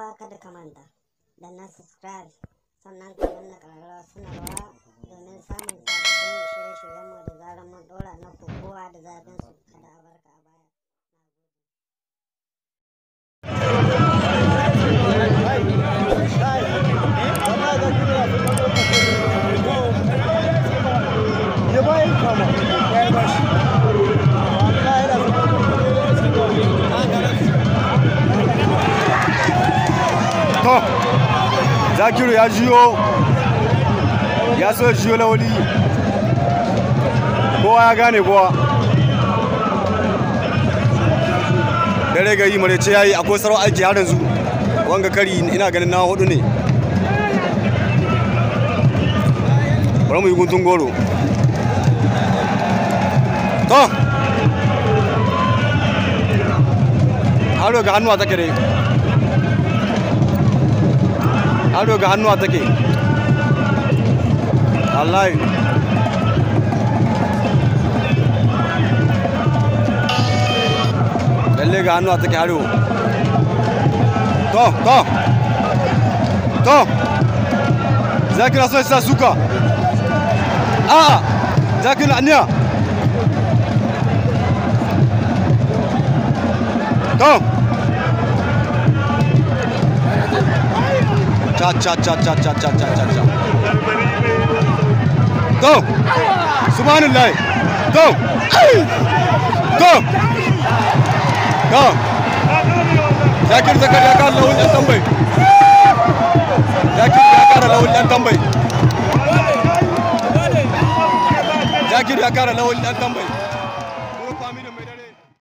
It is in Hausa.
fa kada ka manta da na subscribe sannan ka danna ƙararrawa sanarwa domin samun sabbin shirye-shiryenmu da zarar mun na kokowa da zafin su kada a a baya. to zakiru ya jiyo ya so jiyo lawali kowa ya gane kowa dare gari marece ya yi akwai sarau aiki har yanzu wanga kari ina ganin na hudu ne bari mu yi guntun goro to haro ga hannuwa take dai قالوا قعنوا عتكي الله اللي قعنوا عتكي حلو طه طه طه ذاكر اصلا ساسوكا اه, آه. ذاكر عنيا طه acha acha acha acha acha acha acha acha go subhanallah go go go zakir zakar ya kara lawul dan tambayi zakir ya kara lawul dan tambayi zakir ya kara